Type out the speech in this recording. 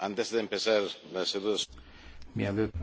Antes de empezar las